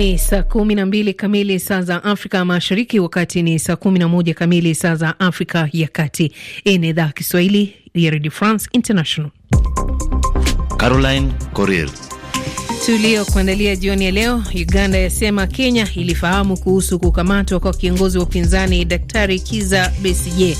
Ni saa kumi na mbili kamili saa za Afrika Mashariki, wakati ni saa kumi na moja kamili saa za Afrika ya Kati. Hii ni idhaa Kiswahili ya Redio France International. Caroline Corrier tuliokuandalia jioni ya leo. Uganda yasema Kenya ilifahamu kuhusu kukamatwa kwa kiongozi wa upinzani Daktari Kiza Besigye.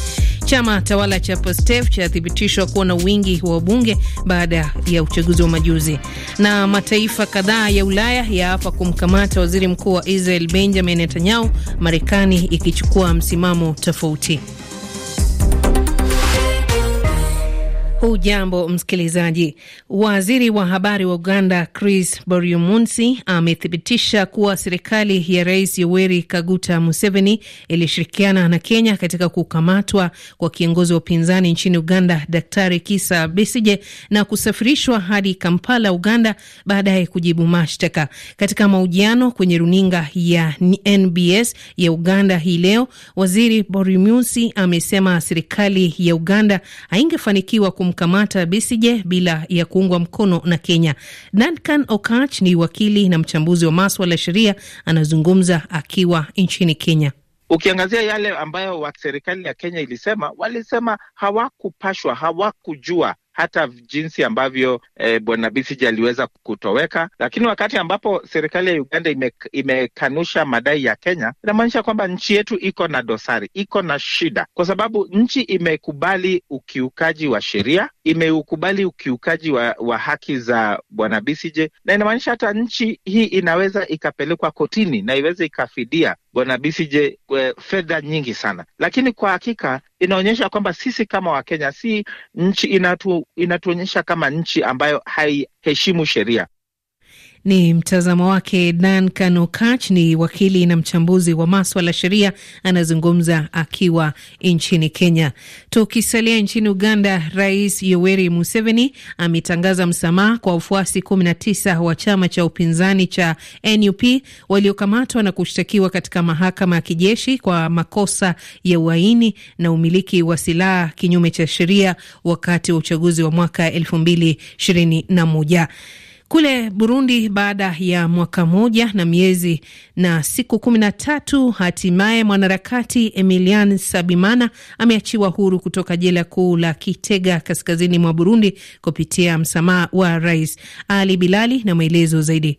Chama tawala cha Postef chathibitishwa kuwa na wingi wa wabunge baada ya uchaguzi wa majuzi. Na mataifa kadhaa ya Ulaya yaapa kumkamata waziri mkuu wa Israel Benjamin Netanyahu, Marekani ikichukua msimamo tofauti. Hujambo msikilizaji. Waziri wa habari wa Uganda Chris Boriumunsi amethibitisha kuwa serikali ya Rais Yoweri Kaguta Museveni ilishirikiana na Kenya katika kukamatwa kwa kiongozi wa upinzani nchini Uganda Daktari Kisa Besije na kusafirishwa hadi Kampala, Uganda, baadaye kujibu mashtaka. Katika mahojiano kwenye runinga ya NBS ya Uganda hii leo, Waziri Boryumunsi amesema serikali ya Uganda haingefanikiwa kum kumkamata Besigye bila ya kuungwa mkono na Kenya. Duncan Okach ni wakili na mchambuzi wa maswala ya sheria, anazungumza akiwa nchini Kenya. Ukiangazia yale ambayo serikali ya Kenya ilisema, walisema hawakupashwa, hawakujua hata jinsi ambavyo eh, bwana bisiji aliweza kutoweka. Lakini wakati ambapo serikali ya Uganda ime, imekanusha madai ya Kenya, inamaanisha kwamba nchi yetu iko na dosari, iko na shida, kwa sababu nchi imekubali ukiukaji wa sheria, imeukubali ukiukaji wa, wa haki za bwana Besigye, na inamaanisha hata nchi hii inaweza ikapelekwa kotini na iweze ikafidia bwana BCJ, fedha nyingi sana, lakini kwa hakika inaonyesha kwamba sisi kama Wakenya si nchi inatu, inatuonyesha kama nchi ambayo haiheshimu sheria. Ni mtazamo wake Dan Kanokach, ni wakili na mchambuzi wa maswala ya sheria, anazungumza akiwa nchini Kenya. Tukisalia nchini Uganda, Rais Yoweri Museveni ametangaza msamaha kwa wafuasi 19 wa chama cha upinzani cha NUP waliokamatwa na kushtakiwa katika mahakama ya kijeshi kwa makosa ya uhaini na umiliki wa silaha kinyume cha sheria wakati wa uchaguzi wa mwaka 2021. Kule Burundi, baada ya mwaka moja na miezi na siku kumi na tatu, hatimaye mwanaharakati Emilian Sabimana ameachiwa huru kutoka jela kuu la Kitega kaskazini mwa Burundi kupitia msamaha wa rais. Ali Bilali na maelezo zaidi.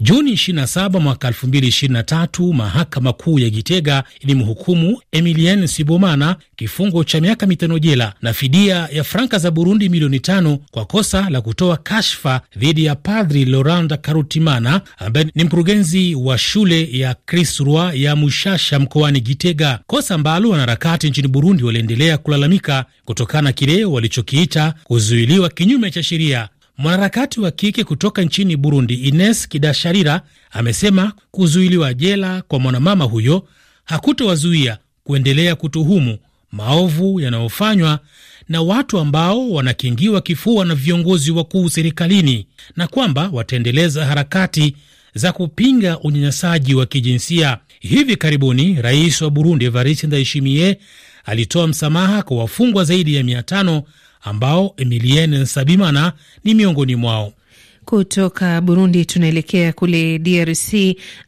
Juni 27 mwaka 2023, mahakama kuu ya Gitega ilimhukumu Emilien Sibomana kifungo cha miaka mitano jela na fidia ya franka za Burundi milioni tano kwa kosa la kutoa kashfa dhidi ya Padri Laurent Karutimana ambaye ni mkurugenzi wa shule ya cris Roi ya Mushasha mkoani Gitega, kosa ambalo wanaharakati nchini Burundi waliendelea kulalamika kutokana na kile walichokiita kuzuiliwa kinyume cha sheria Mwanaharakati wa kike kutoka nchini Burundi, Ines Kidasharira, amesema kuzuiliwa jela kwa mwanamama huyo hakutowazuia kuendelea kutuhumu maovu yanayofanywa na watu ambao wanakingiwa kifua na viongozi wakuu serikalini na kwamba wataendeleza harakati za kupinga unyanyasaji wa kijinsia. Hivi karibuni rais wa Burundi Evariste Ndayishimiye alitoa msamaha kwa wafungwa zaidi ya mia tano ambao Emilien Nsabimana ni miongoni mwao. Kutoka Burundi tunaelekea kule DRC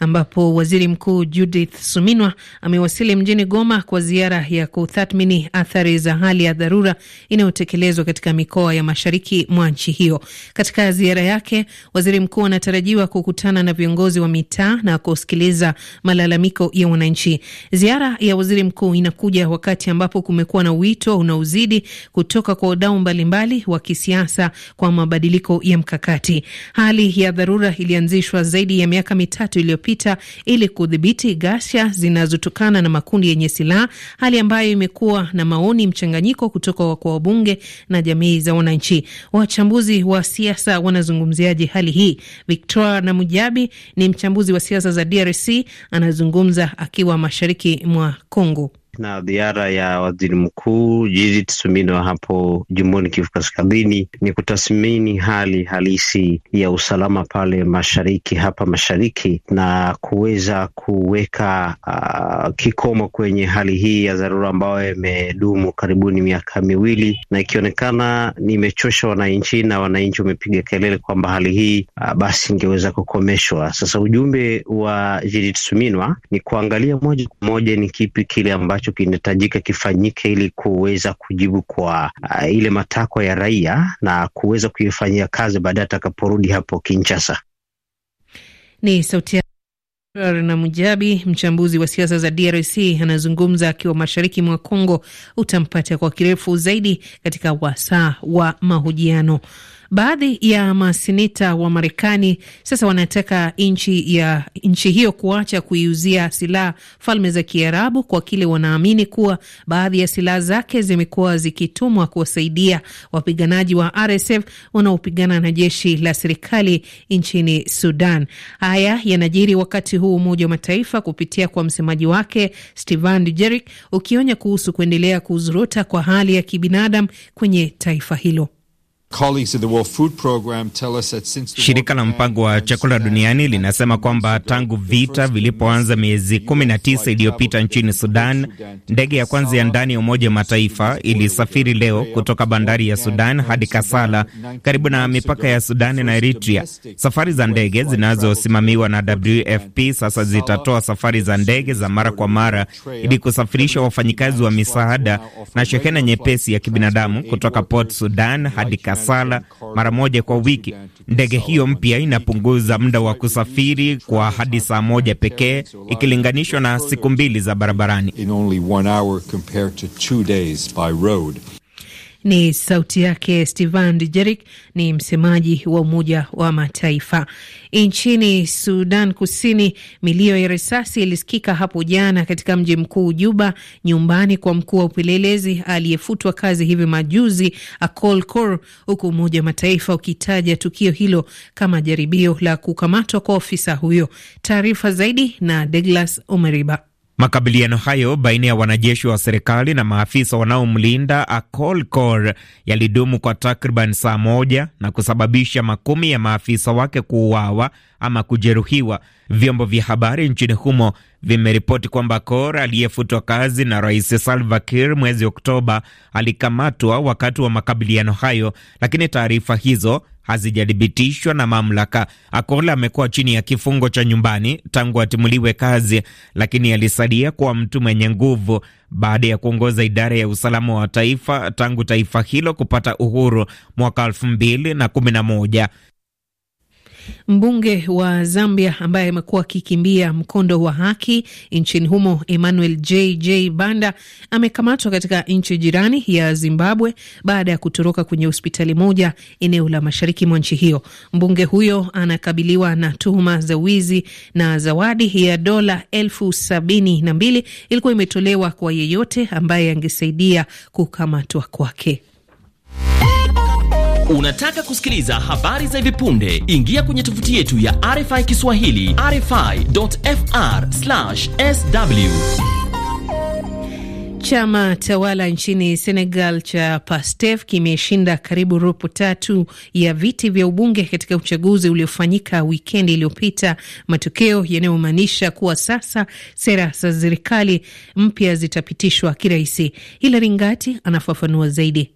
ambapo waziri mkuu Judith Suminwa amewasili mjini Goma kwa ziara ya kutathmini athari za hali ya dharura inayotekelezwa katika mikoa ya mashariki mwa nchi hiyo. Katika ziara yake, waziri mkuu anatarajiwa kukutana na viongozi wa mitaa na kusikiliza malalamiko ya wananchi. Ziara ya waziri mkuu inakuja wakati ambapo kumekuwa na wito unaozidi kutoka kwa wadau mbalimbali wa kisiasa kwa mabadiliko ya mkakati. Hali ya dharura ilianzishwa zaidi ya miaka mitatu iliyopita ili kudhibiti ghasia zinazotokana na makundi yenye silaha, hali ambayo imekuwa na maoni mchanganyiko kutoka kwa wabunge na jamii za wananchi. Wachambuzi wa siasa wanazungumziaje hali hii? Victoria na Mujabi ni mchambuzi wa siasa za DRC, anazungumza akiwa mashariki mwa congo na ziara ya waziri mkuu Judith Suminwa hapo jimboni Kivu Kaskazini ni kutathmini hali halisi ya usalama pale mashariki, hapa mashariki, na kuweza kuweka uh, kikomo kwenye hali hii ya dharura ambayo imedumu karibuni miaka miwili na ikionekana nimechosha wananchi na wananchi wamepiga kelele kwamba hali hii uh, basi ingeweza kukomeshwa. Sasa ujumbe wa Judith Suminwa ni kuangalia moja kwa moja ni kipi kile ambacho ambacho kinahitajika kifanyike ili kuweza kujibu kwa uh, ile matakwa ya raia na kuweza kuifanyia kazi baadaye atakaporudi hapo Kinshasa. Ni sauti na Mujabi, mchambuzi wa siasa za DRC, anazungumza akiwa mashariki mwa Kongo. Utampata kwa kirefu zaidi katika wasaa wa mahojiano. Baadhi ya masinita wa Marekani sasa wanataka nchi ya nchi hiyo kuacha kuiuzia silaha Falme za Kiarabu kwa kile wanaamini kuwa baadhi ya silaha zake zimekuwa zikitumwa kuwasaidia wapiganaji wa RSF wanaopigana na jeshi la serikali nchini Sudan. Haya yanajiri wakati huu Umoja wa Mataifa kupitia kwa msemaji wake Stephane Dujarric ukionya kuhusu kuendelea kuzorota kwa hali ya kibinadamu kwenye taifa hilo. Shirika la mpango wa chakula duniani linasema kwamba tangu vita vilipoanza miezi 19 iliyopita nchini Sudan, ndege ya kwanza ya ndani ya Umoja wa Mataifa ilisafiri leo kutoka bandari ya Sudan hadi Kasala karibu na mipaka ya Sudan na Eritrea. Safari za ndege zinazosimamiwa na WFP sasa zitatoa safari za ndege za mara kwa mara ili kusafirisha wafanyikazi wa misaada na shehena nyepesi ya kibinadamu kutoka Port Sudan hadi Kasala sala mara moja kwa wiki. Ndege hiyo mpya inapunguza muda wa kusafiri kwa hadi saa moja pekee ikilinganishwa na siku mbili za barabarani. Ni sauti yake stephan Dujarric, ni msemaji wa Umoja wa Mataifa. Nchini Sudan Kusini, milio ya risasi ilisikika hapo jana katika mji mkuu Juba, nyumbani kwa mkuu wa upelelezi aliyefutwa kazi hivi majuzi Akol Kor, huku Umoja wa Mataifa ukitaja tukio hilo kama jaribio la kukamatwa kwa ofisa huyo. Taarifa zaidi na Douglas Omeriba. Makabiliano hayo baina ya wanajeshi wa serikali na maafisa wanaomlinda Akol Kor yalidumu kwa takriban saa moja na kusababisha makumi ya maafisa wake kuuawa ama kujeruhiwa. Vyombo vya habari nchini humo vimeripoti kwamba Kor aliyefutwa kazi na Rais Salva Kiir mwezi Oktoba alikamatwa wakati wa makabiliano hayo, lakini taarifa hizo hazijathibitishwa na mamlaka. Akola amekuwa chini ya kifungo cha nyumbani tangu atimuliwe kazi, lakini alisalia kuwa mtu mwenye nguvu baada ya kuongoza idara ya usalama wa taifa tangu taifa hilo kupata uhuru mwaka elfu mbili na kumi na moja. Mbunge wa Zambia ambaye amekuwa akikimbia mkondo wa haki nchini humo, Emmanuel JJ Banda amekamatwa katika nchi jirani ya Zimbabwe baada ya kutoroka kwenye hospitali moja eneo la mashariki mwa nchi hiyo. Mbunge huyo anakabiliwa na tuhuma za wizi na zawadi ya dola elfu sabini na mbili ilikuwa imetolewa kwa yeyote ambaye angesaidia kukamatwa kwake. Unataka kusikiliza habari za hivi punde? Ingia kwenye tovuti yetu ya RFI Kiswahili, rfi.fr/sw. Chama tawala nchini Senegal cha PASTEF kimeshinda karibu robo tatu ya viti vya ubunge katika uchaguzi uliofanyika wikendi iliyopita, matokeo yanayomaanisha kuwa sasa sera za serikali mpya zitapitishwa kirahisi. Hilari Ngati anafafanua zaidi.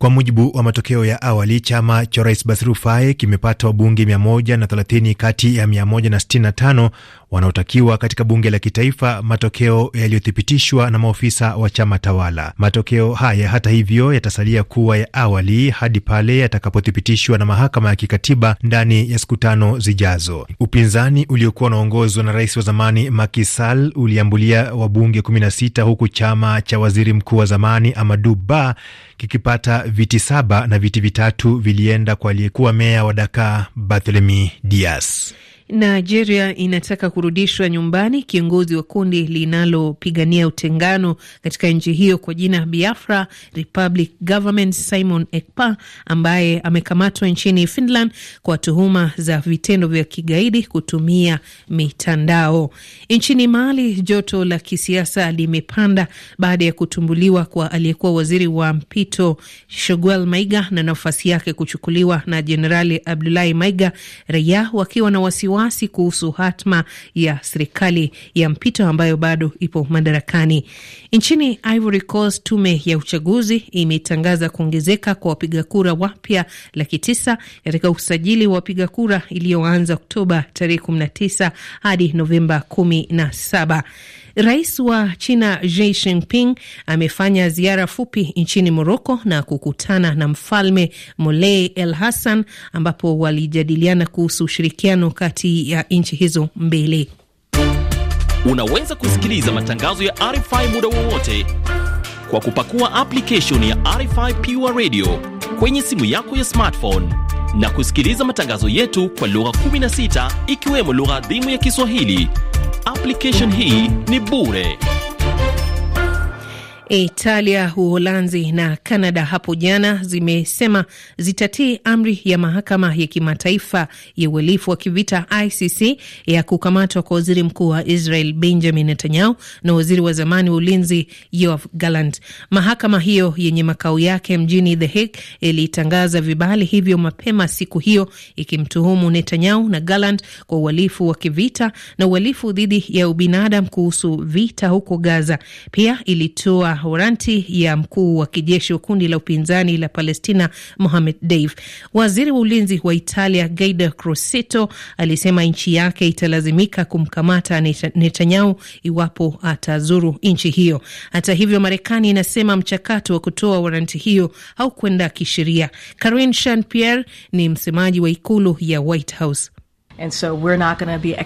Kwa mujibu wa matokeo ya awali, chama cha rais basrufae kimepata wabunge 130 kati ya 165 wanaotakiwa katika bunge la kitaifa, matokeo yaliyothibitishwa na maofisa wa chama tawala. Matokeo haya hata hivyo yatasalia kuwa ya awali hadi pale yatakapothibitishwa na mahakama ya kikatiba ndani ya siku tano zijazo. Upinzani uliokuwa unaongozwa na rais wa zamani Macky Sall uliambulia wabunge 16 huku chama cha waziri mkuu wa zamani Amadou Ba kikipata viti saba na viti vitatu vilienda kwa aliyekuwa meya wa Dakar Barthelemy Dias. Nigeria inataka kurudishwa nyumbani kiongozi wa kundi linalopigania utengano katika nchi hiyo kwa jina Biafra Republic Government, Simon Ekpa, ambaye amekamatwa nchini Finland kwa tuhuma za vitendo vya kigaidi kutumia mitandao. Nchini Mali, joto la kisiasa limepanda baada ya kutumbuliwa kwa aliyekuwa waziri wa mpito Choguel Maiga na nafasi yake kuchukuliwa na Jenerali Abdulahi Maiga, raia wakiwa na wasiwasi wasiwasi kuhusu hatma ya serikali ya mpito ambayo bado ipo madarakani. Nchini Ivory Coast, tume ya uchaguzi imetangaza kuongezeka kwa wapiga kura wapya laki tisa katika usajili wa wapiga kura iliyoanza Oktoba tarehe 19 hadi Novemba 17. Rais wa China Xi Jinping amefanya ziara fupi nchini Moroko na kukutana na mfalme Moulay El Hassan, ambapo walijadiliana kuhusu ushirikiano kati ya nchi hizo mbili. Unaweza kusikiliza matangazo ya RFI muda wowote kwa kupakua application ya RFI Pure Radio kwenye simu yako ya smartphone na kusikiliza matangazo yetu kwa lugha 16 ikiwemo lugha adhimu ya Kiswahili. Application hii ni bure. Italia, Uholanzi na Kanada hapo jana zimesema zitatii amri ya mahakama ya kimataifa ya uhalifu wa kivita ICC ya kukamatwa kwa waziri mkuu wa Israel Benjamin Netanyahu na waziri wa zamani wa ulinzi Yoav Gallant. Mahakama hiyo yenye makao yake mjini The Hague ilitangaza vibali hivyo mapema siku hiyo, ikimtuhumu Netanyahu na Gallant kwa uhalifu wa kivita na uhalifu dhidi ya ubinadamu kuhusu vita huko Gaza. Pia ilitoa waranti ya mkuu wa kijeshi wa kundi la upinzani la Palestina Mohamed Deif. Waziri wa ulinzi wa Italia Guido Crosetto alisema nchi yake italazimika kumkamata Netanyahu iwapo atazuru nchi hiyo. Hata hivyo, Marekani inasema mchakato wa kutoa waranti hiyo haukwenda kisheria. Karine Jean Pierre ni msemaji wa ikulu ya White House. So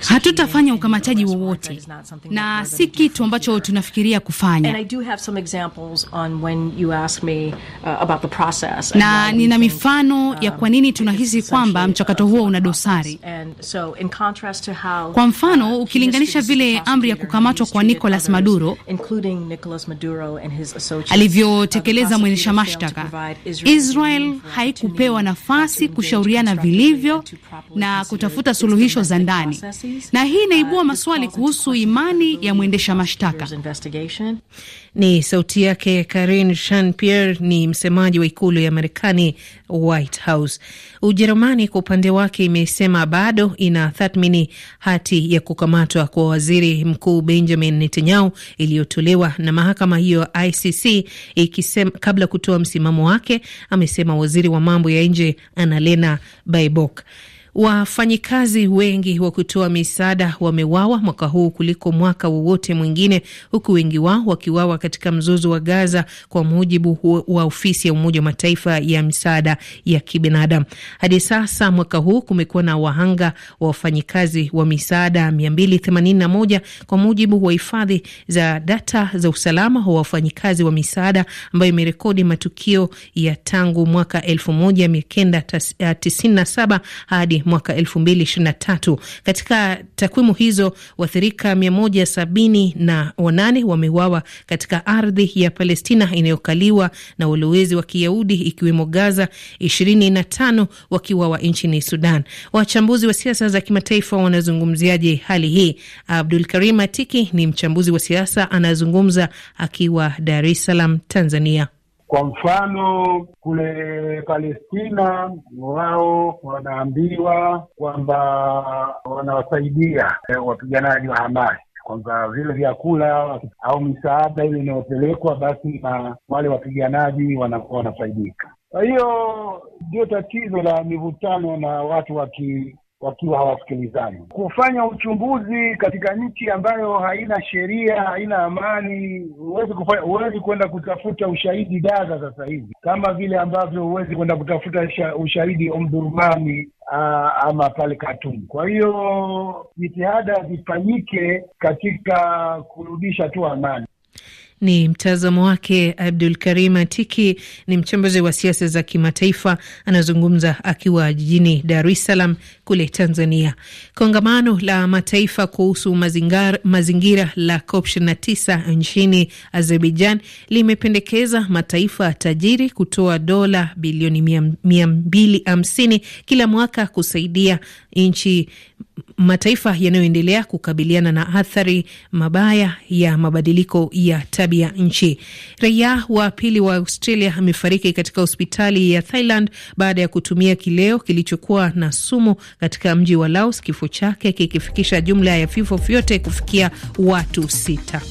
hatutafanya ukamataji wowote na si kitu ambacho tunafikiria kufanya uh, na nina mifano ya um, kwa nini tunahisi kwamba mchakato huo una dosari. So kwa mfano uh, ukilinganisha vile amri ya kukamatwa kwa Nicolas Maduro, Maduro uh, alivyotekeleza mwendesha mashtaka, Israel haikupewa nafasi kushauriana vilivyo na kutafuta suluhisho za ndani, na hii inaibua uh, maswali kuhusu imani ya mwendesha mashtaka. Ni sauti yake karin Shan Pierre, ni msemaji wa ikulu ya Marekani, White House. Ujerumani kwa upande wake imesema bado ina thathmini hati ya kukamatwa kwa waziri mkuu Benjamin Netanyahu iliyotolewa na mahakama hiyo ICC ikisema, kabla kutoa msimamo wake, amesema waziri wa mambo ya nje Annalena Baerbock. Wafanyikazi wengi wa kutoa misaada wamewawa mwaka huu kuliko mwaka wowote mwingine, huku wengi wao wakiwawa katika mzozo wa Gaza, kwa mujibu wa ofisi ya Umoja wa Mataifa ya misaada ya kibinadamu. Hadi sasa mwaka huu kumekuwa na wahanga wa wafanyikazi wa misaada 281 kwa mujibu wa hifadhi za data za usalama wa wafanyikazi wa misaada ambayo imerekodi matukio ya tangu mwaka 1997 eh, hadi mwaka 2023. Katika takwimu hizo waathirika 178 wameuawa katika ardhi ya Palestina inayokaliwa na walowezi wa Kiyahudi ikiwemo Gaza, 25 wakiuawa nchini Sudan. Wachambuzi wa siasa za kimataifa wanazungumziaje hali hii? Abdul Karim Atiki ni mchambuzi wa siasa, anazungumza akiwa Dar es Salaam, Tanzania. Kwa mfano kule Palestina, wao wanaambiwa kwamba wanawasaidia eh, wapiganaji wa Hamas kwamba vile vyakula au misaada ile inayopelekwa basi na wale wapiganaji wanakuwa wanafaidika. Kwa hiyo ndio tatizo la mivutano na watu waki wakiwa hawasikilizani. Kufanya uchunguzi katika nchi ambayo haina sheria, haina amani, huwezi kufanya, huwezi kwenda kutafuta ushahidi Gaza sasa hivi, kama vile ambavyo huwezi kwenda kutafuta ushahidi Omdurmani ama pale Katum. Kwa hiyo jitihada zifanyike katika kurudisha tu amani. Ni mtazamo wake Abdul Karim Atiki, ni mchambuzi wa siasa za kimataifa, anazungumza akiwa jijini Dar es Salaam kule Tanzania. Kongamano la mataifa kuhusu mazingar, mazingira la COP 29 nchini Azerbaijan limependekeza mataifa tajiri kutoa dola bilioni 250 kila mwaka kusaidia nchi mataifa yanayoendelea kukabiliana na athari mabaya ya mabadiliko ya tabia nchi. Raia wa pili wa Australia amefariki katika hospitali ya Thailand baada ya kutumia kileo kilichokuwa na sumu katika mji wa Laos, kifo chake kikifikisha jumla ya vifo vyote kufikia watu sita.